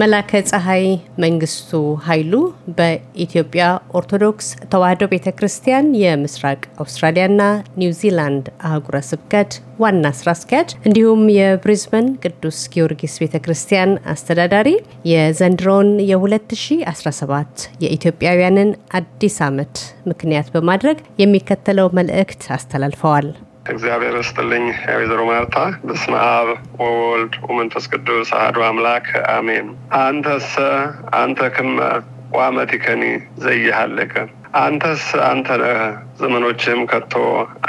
መላከ ፀሐይ መንግስቱ ኃይሉ በኢትዮጵያ ኦርቶዶክስ ተዋህዶ ቤተ ክርስቲያን የምስራቅ አውስትራሊያና ኒውዚላንድ አህጉረ ስብከት ዋና ስራ አስኪያጅ እንዲሁም የብሪዝበን ቅዱስ ጊዮርጊስ ቤተ ክርስቲያን አስተዳዳሪ የዘንድሮን የ2017 የኢትዮጵያውያንን አዲስ ዓመት ምክንያት በማድረግ የሚከተለው መልእክት አስተላልፈዋል። እግዚአብሔር ይስጥልኝ ወይዘሮ ማርታ። በስመ አብ ወወልድ ወመንፈስ ቅዱስ አሐዱ አምላክ አሜን። አንተሰ አንተ ክመ ዋመቲከኒ ዘይሃለከ አንተስ አንተ ነህ ዘመኖችም ከቶ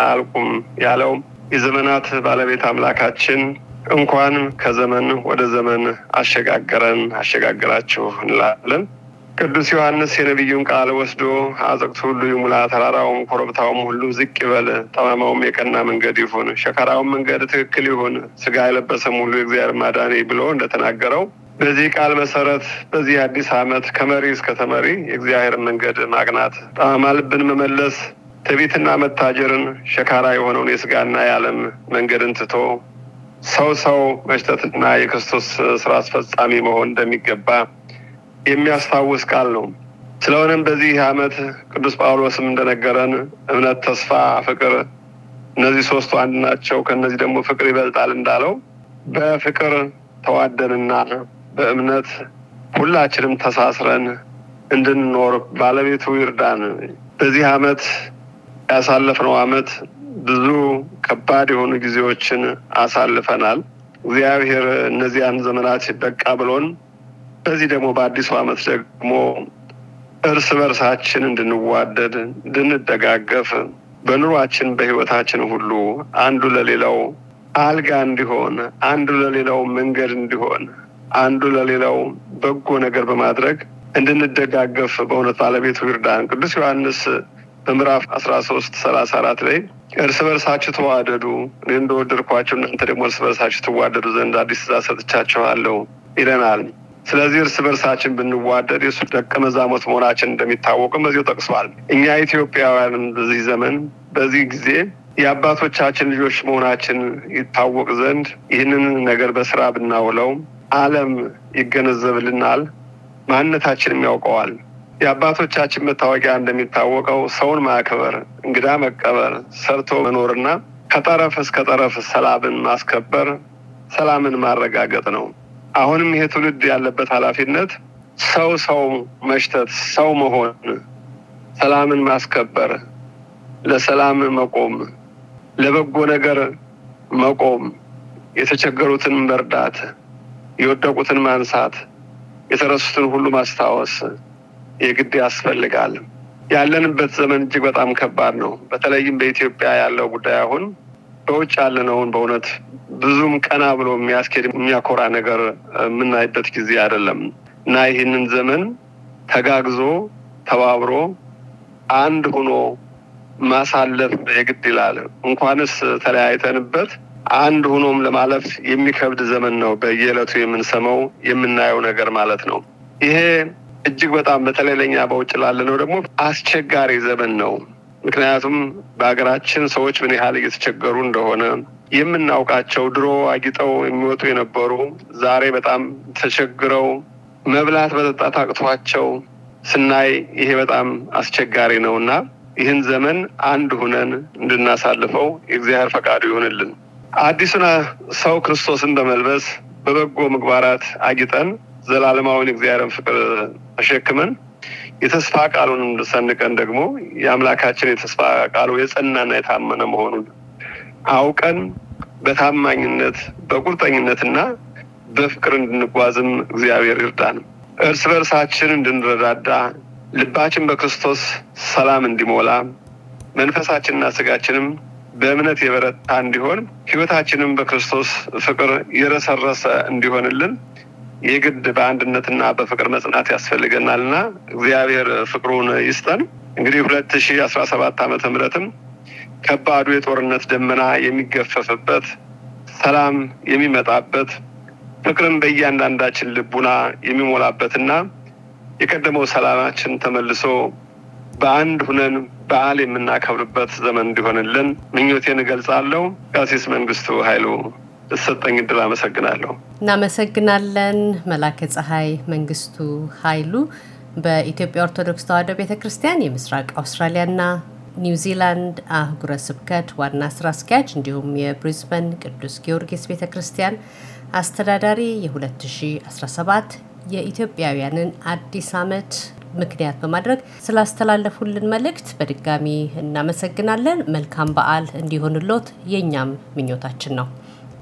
አያልቁም ያለው የዘመናት ባለቤት አምላካችን እንኳን ከዘመን ወደ ዘመን አሸጋገረን አሸጋግራችሁ እንላለን። ቅዱስ ዮሐንስ የነቢዩን ቃል ወስዶ አዘቅት ሁሉ ይሙላ፣ ተራራውም ኮረብታውም ሁሉ ዝቅ ይበል፣ ጠማማውም የቀና መንገድ ይሁን፣ ሸካራውም መንገድ ትክክል ይሁን፣ ስጋ የለበሰም ሁሉ የእግዚአብሔር ማዳኔ ብሎ እንደተናገረው በዚህ ቃል መሰረት በዚህ አዲስ ዓመት ከመሪ እስከ ተመሪ የእግዚአብሔር መንገድ ማቅናት፣ ጠማማ ልብን መመለስ፣ ትዕቢትና መታጀርን፣ ሸካራ የሆነውን የስጋና የዓለም መንገድን ትቶ ሰው ሰው መሽተትና የክርስቶስ ስራ አስፈጻሚ መሆን እንደሚገባ የሚያስታውስ ቃል ነው። ስለሆነም በዚህ ዓመት ቅዱስ ጳውሎስም እንደነገረን እምነት፣ ተስፋ፣ ፍቅር እነዚህ ሶስቱ አንድ ናቸው፣ ከእነዚህ ደግሞ ፍቅር ይበልጣል እንዳለው በፍቅር ተዋደንና በእምነት ሁላችንም ተሳስረን እንድንኖር ባለቤቱ ይርዳን። በዚህ ዓመት ያሳለፍነው ዓመት ብዙ ከባድ የሆኑ ጊዜዎችን አሳልፈናል። እግዚአብሔር እነዚያን ዘመናት በቃ ብሎን በዚህ ደግሞ በአዲሱ ዓመት ደግሞ እርስ በርሳችን እንድንዋደድ፣ እንድንደጋገፍ በኑሯችን በህይወታችን ሁሉ አንዱ ለሌላው አልጋ እንዲሆን፣ አንዱ ለሌላው መንገድ እንዲሆን፣ አንዱ ለሌላው በጎ ነገር በማድረግ እንድንደጋገፍ በእውነት ባለቤቱ ይርዳን። ቅዱስ ዮሐንስ በምዕራፍ አስራ ሶስት ሰላሳ አራት ላይ እርስ በርሳችሁ ተዋደዱ እኔ እንደወደድኳቸው እናንተ ደግሞ እርስ በርሳችሁ ትዋደዱ ዘንድ አዲስ ትእዛዝ ሰጥቻችኋለሁ ይለናል። ስለዚህ እርስ በርሳችን ብንዋደድ የሱ ደቀ መዛሙርት መሆናችን እንደሚታወቅም በዚሁ ጠቅሷል። እኛ ኢትዮጵያውያንም በዚህ ዘመን በዚህ ጊዜ የአባቶቻችን ልጆች መሆናችን ይታወቅ ዘንድ ይህንን ነገር በስራ ብናውለው ዓለም ይገነዘብልናል፣ ማንነታችንም ያውቀዋል። የአባቶቻችን መታወቂያ እንደሚታወቀው ሰውን ማክበር፣ እንግዳ መቀበር፣ ሰርቶ መኖርና ከጠረፍ እስከ ጠረፍ ሰላምን ማስከበር፣ ሰላምን ማረጋገጥ ነው። አሁንም ይሄ ትውልድ ያለበት ኃላፊነት ሰው ሰው መሽተት፣ ሰው መሆን፣ ሰላምን ማስከበር፣ ለሰላም መቆም፣ ለበጎ ነገር መቆም፣ የተቸገሩትን መርዳት፣ የወደቁትን ማንሳት፣ የተረሱትን ሁሉ ማስታወስ የግድ ያስፈልጋል። ያለንበት ዘመን እጅግ በጣም ከባድ ነው። በተለይም በኢትዮጵያ ያለው ጉዳይ አሁን በውጭ ያለነውን በእውነት ብዙም ቀና ብሎ የሚያስኬድ የሚያኮራ ነገር የምናይበት ጊዜ አይደለም እና ይህንን ዘመን ተጋግዞ ተባብሮ አንድ ሆኖ ማሳለፍ የግድ ይላል። እንኳንስ ተለያይተንበት አንድ ሆኖም ለማለፍ የሚከብድ ዘመን ነው። በየዕለቱ የምንሰማው የምናየው ነገር ማለት ነው። ይሄ እጅግ በጣም በተለይ ለኛ በውጭ ነው ደግሞ አስቸጋሪ ዘመን ነው። ምክንያቱም በሀገራችን ሰዎች ምን ያህል እየተቸገሩ እንደሆነ የምናውቃቸው ድሮ አጊጠው የሚወጡ የነበሩ ዛሬ በጣም ተቸግረው መብላት መጠጣት አቅቷቸው ስናይ ይሄ በጣም አስቸጋሪ ነው እና ይህን ዘመን አንድ ሁነን እንድናሳልፈው የእግዚአብሔር ፈቃዱ ይሆንልን። አዲሱን ሰው ክርስቶስን በመልበስ በበጎ ምግባራት አጊጠን ዘላለማዊን እግዚአብሔርን ፍቅር ተሸክመን የተስፋ ቃሉንም ሰንቀን ደግሞ የአምላካችን የተስፋ ቃሉ የጸናና የታመነ መሆኑን አውቀን በታማኝነት በቁርጠኝነትና በፍቅር እንድንጓዝም እግዚአብሔር ይርዳን። እርስ በርሳችን እንድንረዳዳ፣ ልባችን በክርስቶስ ሰላም እንዲሞላ፣ መንፈሳችንና ስጋችንም በእምነት የበረታ እንዲሆን፣ ህይወታችንም በክርስቶስ ፍቅር የረሰረሰ እንዲሆንልን የግድ በአንድነትና በፍቅር መጽናት ያስፈልገናልና እግዚአብሔር ፍቅሩን ይስጠን። እንግዲህ ሁለት ሺ አስራ ሰባት ዓመተ ምህረትም ከባዱ የጦርነት ደመና የሚገፈፍበት ሰላም የሚመጣበት ፍቅርም በእያንዳንዳችን ልቡና የሚሞላበትና የቀደመው ሰላማችን ተመልሶ በአንድ ሁነን በዓል የምናከብርበት ዘመን እንዲሆንልን ምኞቴን እገልጻለሁ። ቀሲስ መንግስቱ ኃይሉ ሰጠኝ እድል አመሰግናለሁ። እናመሰግናለን። መላከ ፀሐይ መንግስቱ ኃይሉ በኢትዮጵያ ኦርቶዶክስ ተዋህዶ ቤተ ክርስቲያን የምስራቅ አውስትራሊያና ኒውዚላንድ አህጉረ ስብከት ዋና ስራ አስኪያጅ እንዲሁም የብሪዝበን ቅዱስ ጊዮርጊስ ቤተ ክርስቲያን አስተዳዳሪ የ2017 የኢትዮጵያውያንን አዲስ ዓመት ምክንያት በማድረግ ስላስተላለፉልን መልእክት በድጋሚ እናመሰግናለን። መልካም በዓል እንዲሆንሎት የእኛም ምኞታችን ነው።